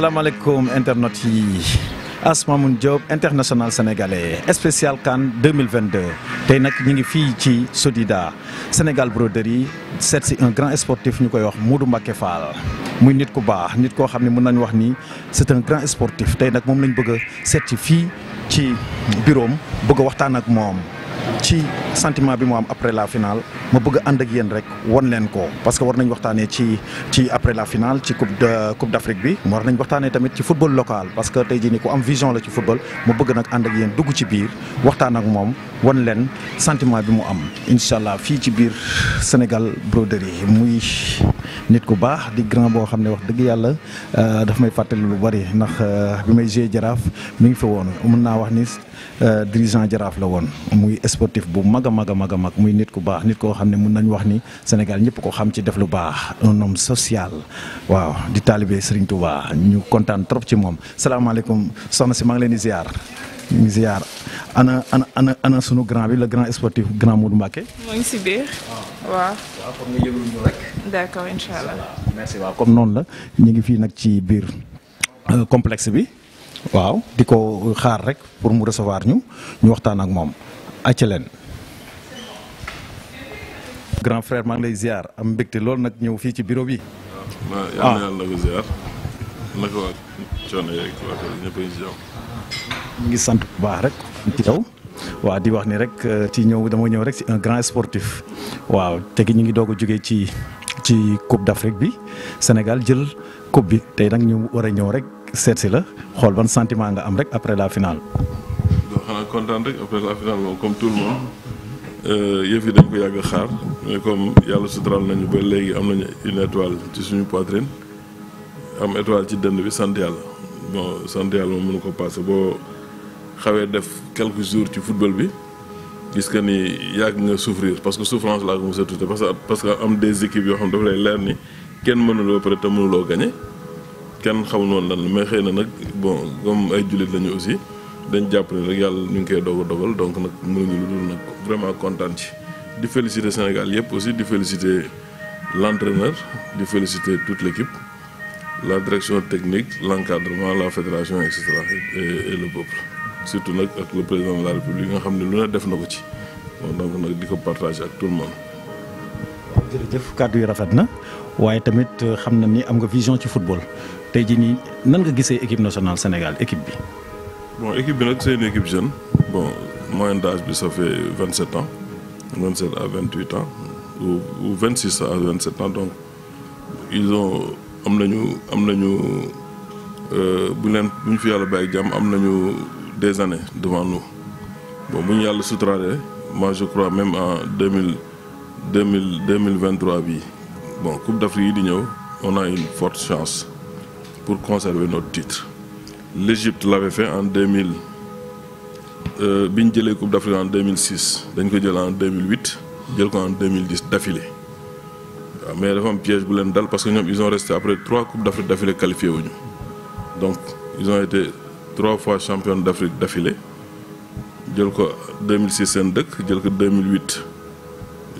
asalaamaaleykum internet yi Asmamoun Diop international sénégalais spécial CAN 2022 tey nag ñu ngi fii ci Sodida Sénégal broderie seet si un grand sportif ñu koy wax Modou Mbacké Fall muy nit ku baax nit koo xam ne mën nañu wax nii c'est un grand sportif tey nag moom lañu bëgg a seet si fii ci bureau am waxtaan ak moom ci. sentiment bi mu am après la finale ma bëgg ànd ak yéen rek won leen ko parce que war nañ waxtaanee ci ci après la finale ci coupe de coupe d' bi war nañ waxtaanee tamit ci football local parce que tey jii ni ku am vision la ci football ma bëgg nag ànd ak yéen dugg ci biir waxtaan ak moom won leen sentiment bi mu am incha allah fii ci biir Sénégal broderie muy nit ku baax di grand boo xam ne wax dëgg yàlla euh, daf may fàttali lu bari ndax euh, bi may joué jaraaf mi ngi fi woon mën naa wax ni euh, dirigeant jaraaf la woon mag a mag a mag a mag muy nit ku baax nit koo xam ne mun wax ni sénégal ñëpp ko xam ci def lu baax un homme social waaw di talibé serigne touba ñu contane trop ci moom salaamaaleykum soxna si maa ngi leen di ziar ñu ziar ana ana ana ana sunu grand bi le grand sportif grand modou mbacke mo ngi ci biir ah. waaw waaw comme nga yëglu ñu rek d'accord inshallah merci waaw comme noonu la ñu ngi fii nag ci biir euh, complexe bi waaw di ko xaar rek pour mu recevoir ñu ñu waxtaan ak moom acca leen grand frère maa ngi am mbégte loolu nag ñëw fii ci bureau bi. waaw yal na ah. yàlla ko ngi sant bu baax rek ci taw. waaw di wax ni rek euh, ci ñëw dama ñëw rek ci un grand sportif waaw tegi ñu ngi doog a jógee ci ci coupe d'Afrique bi Sénégal jël coupe bi tey nag ñu war a ñëw rek seet si la xool ban sentiment nga am rek après la finale. doo xanaa kontaan rek après la finale moom comme tout le monde. Euh, yëf yi dañ ko yàgg xaar mais comme yàlla suturaal nañu ba léegi am nañu une étoile ci suñu poitrine am étoile ci dënd bi sant yàlla bon sant yàlla moom mënu ko passé boo xawee def quelques jours ci football bi gis que ni yàgg nga souffrir parce que souffrance laa ko mos a tuddee parce que parce que am des équipes yoo xam dafa lay leer ni kenn mënuloo peut-être te mënuloo gagné kenn xamul woon lan mais xëy na nag bon comme ay jullit lañu aussi dañ jàpp rek yàlla ñu ngi koy dogal dogal donc nag mënuñu lu dul nag vraiment content ci di féliciter Sénégal yëpp aussi di féliciter l'entraîneur di féliciter toute l'équipe la direction technique l'encadrement la fédération et cetera et le peuple surtout nag ak le président de la république nga xam ne lu ne def na ko ci donc nag di ko partager ak tout le monde. waaw jërëjëf kàddu yi rafet na waaye tamit xam na ni am nga vision ci football tey jii nii nan nga gisee équipe nationale Sénégal équipe bi. Bon, l'équipe de c'est une équipe jeune. Bon, moyen d'âge, ça fait 27 ans. 27 à 28 ans. Ou, 26 à 27 ans. Donc, ils ont. Nous avons eu des années devant nous. Bon, nous a le des Moi, je crois même en 2000, 2000, 2023. Bon, Coupe d'Afrique, on a une forte chance pour conserver notre titre l'Égypte l'avait fait en 2000 euh, bi Coupe d'Afrique en 2006 dañ ko en 2008 jël en 2010 d'affilée mais avant un piège bu parce qu'ils ont resté après trois Coupes d'Afrique d'affilée qualifiées donc ils ont été trois fois champions d'Afrique d'affilée jël en 2006 en jël en 2008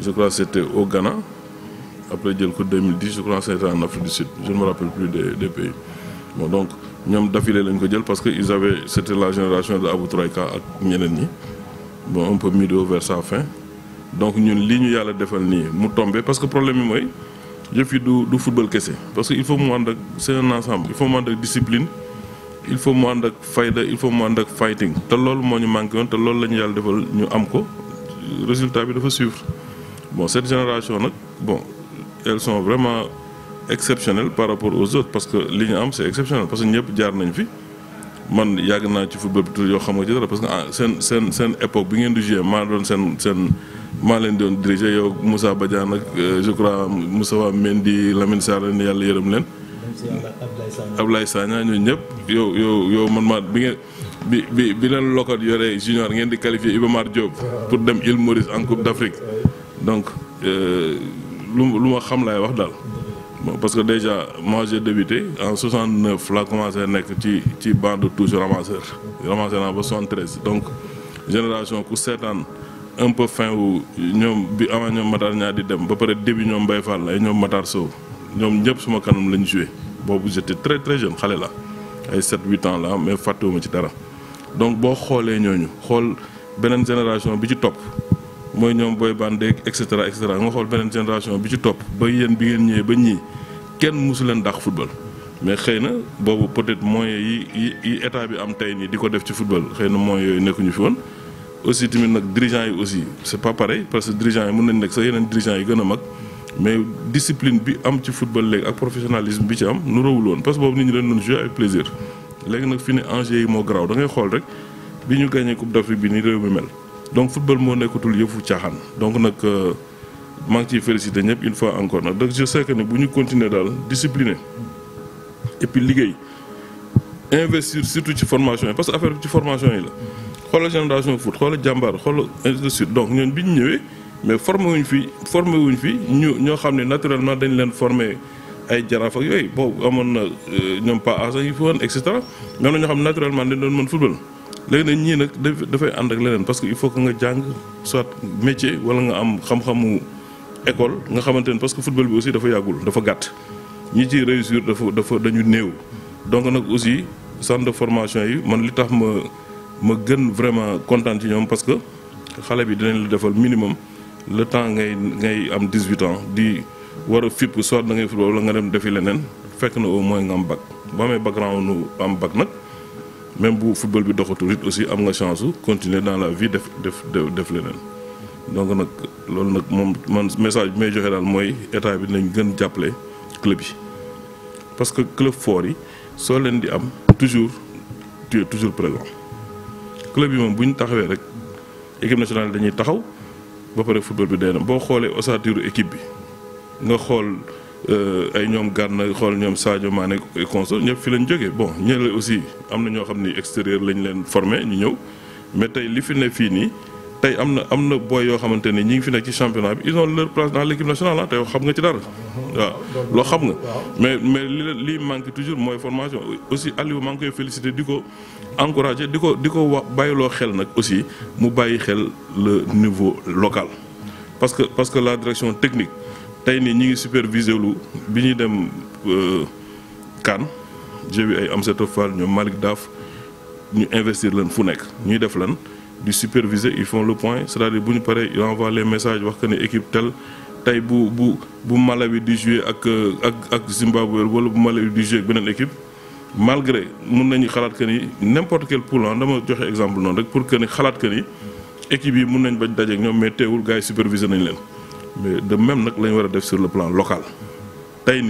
je crois que c'était au Ghana après jël en 2010 je crois que c'était en Afrique du Sud je ne me rappelle plus des des pays bon donc ñom d'affilée lañ ko jël parce que ils avaient c'était la génération de Abou Troïka ak ñeneen ñi bon un peu mido vers sa fin donc ñun lii ñu yàlla defal ni mu tombé parce que problème moy je yëf du du football kese parce que faut mu c'est un ensemble il faut mu ànd discipline il faut mu ànd ak fayda il faut mu ànd ak fighting te loolu moo ñu manqué woon te loolu la yalla yàlla defal ñu am ko résultat bi dafa suivre bon cette génération nak bon elles sont vraiment exceptionnel par rapport aux autres parce que li ñu am c'est exceptionnel parce que ñëpp jaar nañ fi man yàgg naa ci football bi yoo xam nga ci dara parce que ah, seen seen seen époque bi ngeen di jouer maa doon seen seen maa leen doon diriger yow Moussa Badiane ak euh, je crois Moustapha Mendy Lamine Sarr leen yàlla yërëm leen. Ablaye Sagna ñooñu ñëpp yow yow yow man maa bi ngeen bi bi bi leen lokat yore junior ngeen di qualifier Iba Mar pour dem il Maurice en Coupe d'Afrique donc euh, lu lu xam laay wax daal. parce que déjà moi j'ai débuté en 69 là commencé être ci ci bande de touche ramasseur 73 donc génération 7 ans, un peu fin où ils avant Matar à dem ba le début Matar j'étais très très jeune nous là. 7 8 ans là, mais ci dara donc génération bi ci top moy ñom boy bandé et cetera et cetera nga xol benen génération bi ci top. ba yeen bi ngeen ñëw ba ñii kenn mosu leen football. mais xeyna bobu peut-être moy yi yi état bi am tay ni diko def ci football xeyna moy yoy yooyu nekkuñu fi won aussi tamit nak dirigeants yi aussi c'est pas pareil parce que dirigeants yi mën nañ nekk sax yeneen dirigeants yi gëna mag mais discipline bi am ci football léegi ak professionnalisme bi ci am nu rewul won parce que nit ñi dañ doon jouer avec plaisir. légui nak fini, ne enjeu yi moo garaaw da ngay xol rek bi ñu gagné coupe d'Afrique bi ni rew mi mel donc football mo nekkatul yëfu caaxaan donc nak euh, maa ngi ciy félicité ñëpp une fois encore Nak donc je sais que ne buñu continuer dal discipliné et puis liguey investir surtout ci formation parce que affaire ci formation yi la xoolal génération foot xoolal jàmbaar xoolal ainsi de suite donc ñun biñu ñëwé mais formé wuñ fi formé wuñ fi ñu ño xam naturellement dañ leen formé ay jaraaf ak yoy bo amon na euh, ñoom pas âge yi fi woon cetera mais am xam naturellement dañ doon mën football. léegi nag ñii nag dafay ànd ak leneen parce que il faut que nga jàng soit métier wala nga am xam-xamu école nga xamante ne parce que football bi aussi dafa yàggul dafa gàtt ñi ci réussir dafa dafa dañu néew. donc nag aussi centre de formation yi man li tax ma ma gën vraiment content ci ñoom parce que xale bi dinañ la defal minimum le temps ngay ngay am dis 18 ans di wara a fipp soit da ngay football wala nga dem defi leneen fekk na au moins nga am bac boo amee background nu am nag. même bu football bi doxatu rit aussi am nga chance continuer dans la vie def def def leneen donc nak loolu nak mom man message bi may joxe dal moy état bi nañ gën jàppale club yi parce que club fort yi so len di am toujours tu es toujours présent club yi mom buñ taxawé rek équipe nationale dañuy taxaw ba pare football bi day dem boo xoolee ossature équipe bi nga xol euh, ay ñoom Gana xool ñoom Sadio Mané et consorts ñëpp fi lañ joggé bon ñële aussi amna ño xamni extérieur lañ leen formé ñu ñëw mais tay li fi ne fii nii tey amna na am na booy ñi ngi fi nek ci championnat bi ils ont leur place dans l'équipe nationale ah tey xam nga ci dara. wa lo xam nga. mais mais li li manque toujours moy formation aussi Aliou maa koy féliciter diko encourager diko diko ko di xel nak aussi mu bayi xel le niveau local parce que parce que la direction technique tay supervisés, ñi ngi lu dem euh, j'ai vu ñu investir fu ñuy ils font le point c'est-à-dire les messages wax que l'équipe équipe telle bu Malawi jouer euh, Zimbabwe wala bu Malawi di jouer benen équipe malgré nous nañu que n'importe quel poulain ah, dama joxe exemple pour que nous que équipe yi nañ bañ superviser mais de même nak la sur le plan local tay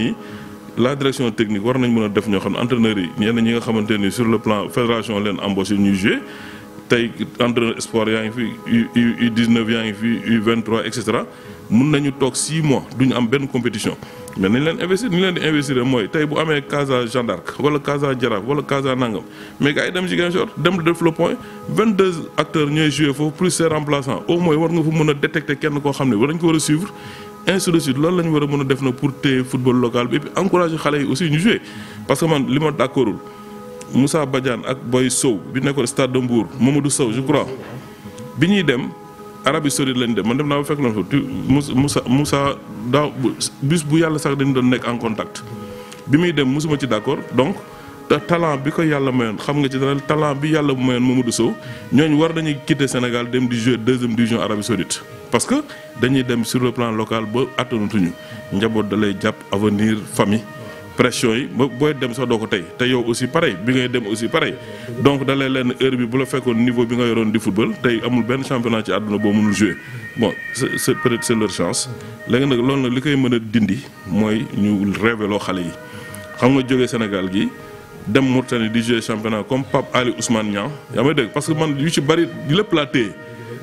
la direction technique war nañ def xam sur le plan fédération leen embauché ñu jouer tay entraîneur U19 yaa U23 etc. Nous nañu 6 mois duñ am benn compétition mais nañ leen investir ni leen di investir mooy tey bu amee Casa Jeanne d'Arc wala Casa Djara, wala Casa Nangam mais gars yi dem Ziguinchor dem def le point 22 acteurs ñooy joué foofu plus ses remplaçants au moins war nga fa mën détecter kenn koo xam ne war nañ ko suivre. ainsi de suite loolu la ñu war def na pour téye football local bi et puis encourager xale yi aussi ñu jouer. parce que man li ma d'accordul Moussa Badiane ak Boy Sow bi nekkoon Stade de Mbour Mamadou Sow je crois bi ñuy dem. arabi Saoudite lañ dem man dem naa ba fekk na fa Moussa musa daaw bis bu yàlla sax dañu doon nekk en contact bi muy dem mosuma ci d'accord donc te talent bi ko yàlla mayoon xam nga ci dara talent bi yàlla bu mayoon Mamadou Sow ñooñu war nañu quitter Sénégal dem di jouer deuxième division Arabie Saoudite parce que dañuy dem sur le plan local ba attanatuñu njaboot da lay jàpp avenir famille. pression yi ba booy dem sax doo ko tey te yow aussi pareil bi ngay dem aussi pareil donc da lay lenn heure bi bu la fekkoon niveau bi nga yoroon di football tey amul benn championnat ci àdduna boo mënul jouer bon c'est c'est c'est leur chance léegi nag loolu na li koy mën a dindi mooy ñu révéloo xale yi xam nga jógee Sénégal gi dem Mauritanie di jouer championnat comme Pape Ali Ousmane Niang yaa may dégg parce que man yu ci bari lépp laa téye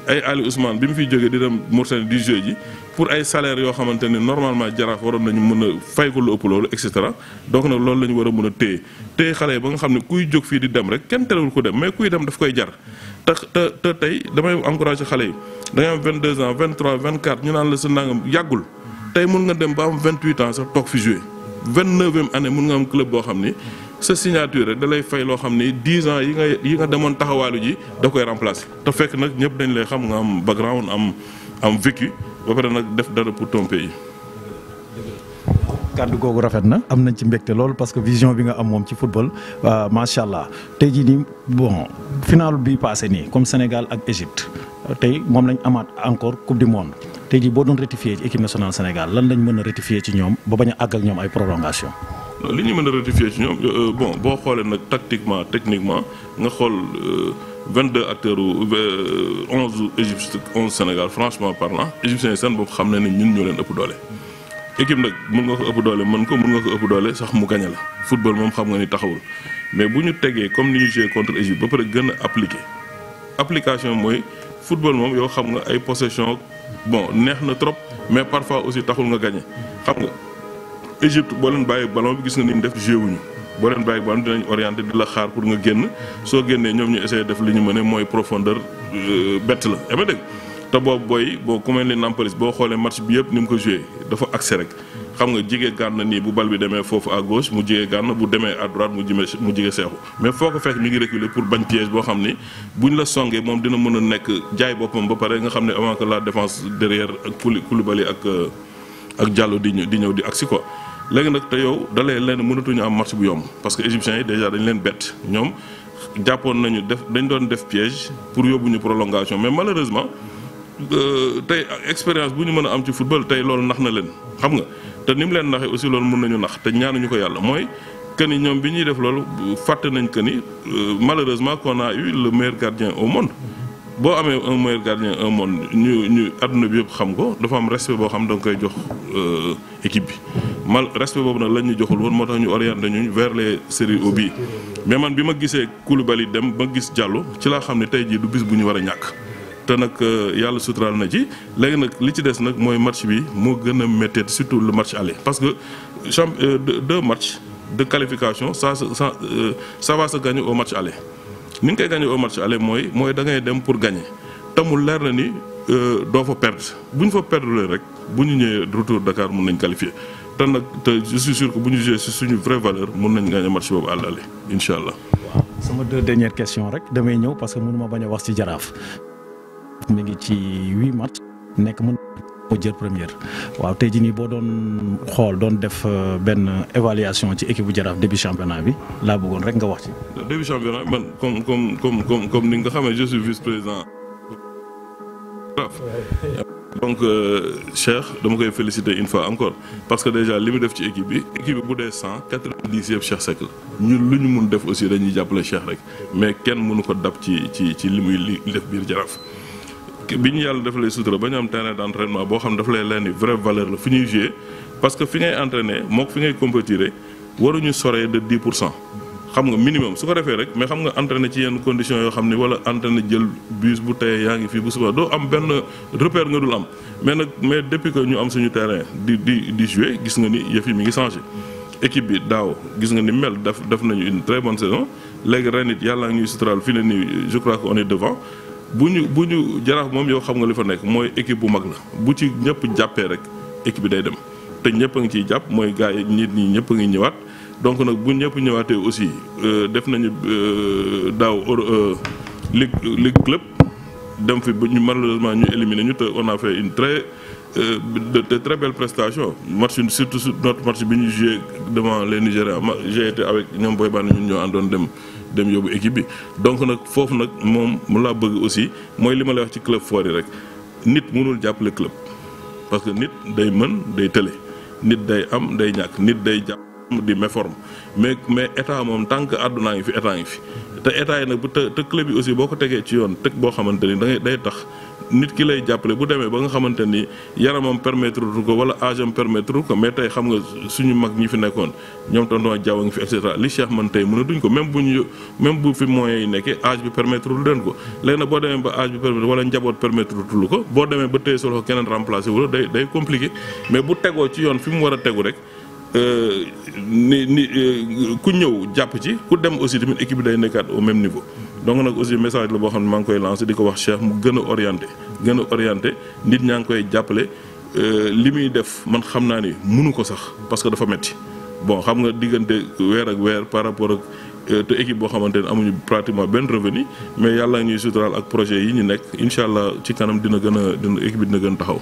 ay Ali Ousmane bi mu fiy jógee di dem Mauritanie di jouer ji pour ay salaire yoo xamante ne normalement jaraaf waroon nañu mën a fay ko lu ëpp loolu et cetera donc nag loolu la ñu war a mën a téye téye xale yi ba nga xam ne kuy jóg fii di dem rek kenn terewul ko dem mais kuy dem dafa koy jar te te tey damay encouragé xale yi da ngay am 22 ans 23 24 ñu naan la sa nangam yàggul tey mun nga dem ba am 28 ans sax toog fi jouer 29e année mun nga am club boo xam ni. sa signature da lay fay lo xam 10 ans yi nga yi nga demoon taxawaalu ji da koy remplacer te fekk nak ñëpp dañ lay xam nga am background am am vécu ba pare nak def dara pour ton pays. kaddu gogu rafet na am nañ ci mbekté lool parce que vision bi nga am mom ci football euh, macha allah tey jii nii bon final bi passé ni comme Sénégal ak Égypte tay mom lañ amaat encore coupe du monde tey jii boo doon rectifier ci équipe nationale Sénégal lan lañ mëna rectifier ci ñom ba baña a ñom ay prolongation li ñu mën a ratifier ci ñom euh, bon bo xolé nak tactiquement techniquement nga xol 22 euh, acteurs euh, ou 11 Égyptiens, 11 Sénégal franchement parlant égyptiens savent bop xamné ni ñun ñoo leen ëpp doole. équipe nak mën nga ko ëpp doole mën ko mën nga ko ëpp doole sax mu gañe la football mom xam nga ni taxawul mais buñu téggé comme ni ñu jé contre Égypte ba pare gën appliquer. application moy football mom yo xam nga ay possession bon neex na trop mais parfois aussi taxul nga gagner. xam nga. Égypte boo leen bàyyi ballon bi gis nga ni ñu def jéewuñu boo leen bàyyi ballon dinañ orienté di la xaar pour nga génn soo génnee ñoom ñu essayé def li ñu mën a mooy profondeur euh, bett la yaa ma te boo booy boo ku mel ni Nampalys boo xoolee match bi yëpp ni mu ko joué dafa accès rek xam nga jigee gànn nii bu bal bi demee foofu à gauche mu jigee gànn bu demee à droite mu jime mu jige seexu mais foo ko fekk mi ngi reculer pour bañ piège boo xam ni bu ñu la songee moom dina mën a nekk jaay boppam ba pare nga xam ne avant que la défense derrière ak Koulibaly ak euh, ak Diallo di ñëw di ñëw di agsi quoi léegi nak te dalé dalee leen mënatuñu am match bu yom parce que égyptiens yi déjà dañ leen bête ñom japon nañu def dañ doon def piège pour yóbbuñu prolongation mais malheureusement euh, tay expérience bu ñu mën am ci football tay lool nax na leen xam nga te ni mu naxé aussi lool mën nañu nax te ñaanuñu ko yalla moy que ni ñom bi ñuy def loolu faté nañ que ni euh, malheureusement qu'on a eu le meilleur gardien au monde bo amé un meilleur gardien un monde ñu ñu aduna bi yëpp xam ko dafa am respect bo xam da nga koy jox euh équipe bi mal respect bobu nag lañ ñu joxul woon motax ñu orienté ñu vers les séries au but mais man bima ma Koulibaly dem ba gis Diallo ci la xam tay ji du bis bu ñu wara ñak té nak euh, Yalla sutural na ci léegi nak li ci dess nak moy match bi mo gëna a surtout le match aller parce que euh, deux matchs de qualification ça ça euh, ça va se gagner au match aller min kay gagné au match allez moy moy da ngay dem pour gagner tamul leer na ni euh do fa perdre buñ fa perdre le rek buñ ñëw retour dakar mën nañ qualifier té nak té je suis sûr que buñ jouer ci suñu vraie valeur mën nañ gagner match bobu allez inshallah sama deux dernières questions rek damay ñëw parce que mënuma baña wax ci jaraaf mi ngi ci 8 match nek mën mu première waaw tey jii nii boo doon xool doon def euh, benn évaluation ci équipe bu jaraaf début championnat bi laa bëggoon rek nga wax ci. début championnat man comme comme comme comme comme ni nga xamee je suis vice président. donc euh, Cheikh dama koy féliciter une fois encore parce que déjà li mu def ci équipe bi équipe bi bu dee cent quatre-vingt-dix yëpp Cheikh Seck la ñun lu ñu mun def aussi dañuy jàppale Cheikh rek mais kenn mënu ko dab ci ci ci li muy def biir jaraaf bi ñu yàlla dafa lay sutura ba ñu am terrain d' entraînement boo xam dafa lay leen vraie valeur la fi ñuy jouer parce que fi ngay entraîner mook fi ngay compétir waruñu soree de 10 pour cent xam nga minimum su ko defee rek mais xam nga entraîner ci yenn condition yoo xam ni wala entraîner jël bus bu tey yaa ngi fii bu suba doo am benn repère nga dul am mais nag mais depuis que ñu am suñu terrain di di di jouer gis nga ni yëf yi mi ngi changé. équipe bi daaw gis nga ni mel def def nañu une très bonne saison léegi ren it yàlla ngi ñuy suturaal ne nii je crois que on est devant. bu ñu bu ñu jaraaf moom yow xam nga li fa nekk mooy équipe bu mag la bu ci ñëpp jàppee rek équipe bi day dem te ñëpp a ngi ciy jàpp mooy gars yi nit ñi ñëpp ngi ñëwaat. donc nag bu ñëpp ñëwaatee aussi euh, def nañu euh, daaw euh, ligue ligue club dem fi bu ñu malheureusement ñu éliminé ñu te on a fait une très de de très belle prestation match surtout notre match bi ñu joué devant les Nigérians ma j'ai été avec ñoom Boy Band ñun ñoo doon dem. dem yóbbu équipe bi donc nag foofu nag moom mu laa bëgg aussi mooy li ma lay wax ci club fort yi rek nit mënul jàppale club parce que nit day mën day tële nit day am day ñàkk nit day jàpp di méforme mais mais état moom tant que àddunaa ngi fi état ngi fi te état yi nag bu te te club yi aussi boo ko tegee ci yoon teg boo xamante ni dangay day tax nit ki lay jàppale bu demee ba nga xamante ni yaramam permettre tu ko wala âge am permettre ko mais tey xam nga suñu mag ñi fi nekkoon ñoom tonton jaww ngi fi et li Cheikh man tey mënatuñ ko même bu ñu même bu fi moyens yi nekkee âge permettre lu leen ko léegi nag boo demee ba âge bi wala njaboot permettre lu ko boo demee ba tey solo keneen day day compliqué mais bu tegoo ci yoon fi mu war a tegu rek euh, ni ni euh, ku ñëw jàpp ci ku dem aussi tamit équipe day nekkaat au même ko donc nag aussi message la boo xam ne maa ngi koy lancé di ko wax Cheikh mu gën a orienté gën a orienté nit ñaa ngi koy jàppale euh, li muy def man xam naa ni mënu ko sax parce que dafa metti boo xam nga diggante weer ak weer par rapport ak euh, te équipe boo xamante ne amuñu pratiquement benn revenu mais yàlla ñuy suturaal ak projet yi ñu nekk incha allah ci kanam dina gën a dina équipe bi dina gën taxaw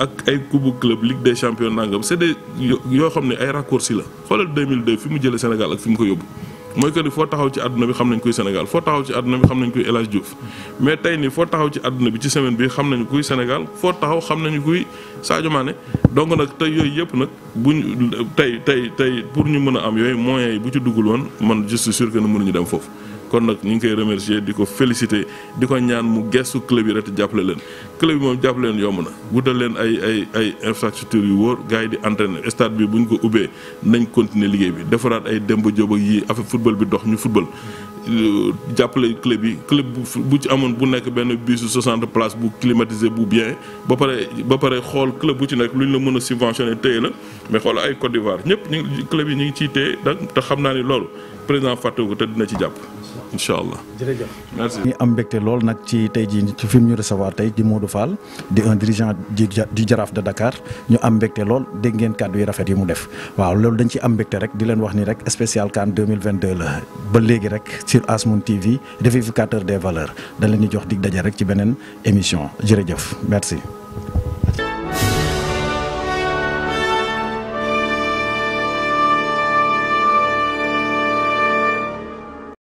ak ay kubu club ligue des champions nangam c'est des yoo xam ne ay raccourcis la xoolal 2002 fi mu jëlee Sénégal ak fi mu ko yóbbu mooy que ni foo taxaw ci àdduna bi xam nañ kuy Sénégal foo taxaw ci àdduna bi xam nañ kuy El Hadj mais tey nii foo taxaw ci àdduna bi ci semaine bi xam nañu kuy Sénégal foo taxaw xam nañu kuy Sadio Mané donc nag tey yooyu yëpp nag bu ñu tey tey tey pour ñu mën a am yooyu moyens yi bu ci duggul woon man je suis sûr mënuñu dem foofu. kon nak ñu ngi koy remercier diko féliciter diko ñaan mu gestu club yi rat jàppale leen club yi moom jàppale leen na wutal leen ay ay ay infrastructure yu wóor gaay di entraîner stade bi buñ ko ubbee nañ continuer liggéey bi defaraat ay demb job ak yi affaire football bi dox ñu football. jàppale club bi club bu ci amone bu nek ben bisu 60 place bu climatisé bu bien ba paré ba paré xol club bu ci nekk luñ la mëna a subventionné la mais xol ay Côte d'Ivoire ñep ñi club yi ñi ci ciy da te ni lool président fatou ko te dina ci japp incha allah. jërëjëf merci. ñu am mbégte lool nag ci tey jii ci fi mu ñu recevoir tey di Modou Fall di un dirigeant di Jaraaf de Dakar ñu am mbégte lool dégg ngeen kàddu yi rafet yi mu def waaw loolu dañ ci am mbégte rek di leen wax ni rek spécial CAN 2022 la ba léegi rek sur Asmoon TV révivificateur des valeurs dañ leen di jox dig daje rek ci beneen émission jërëjëf merci.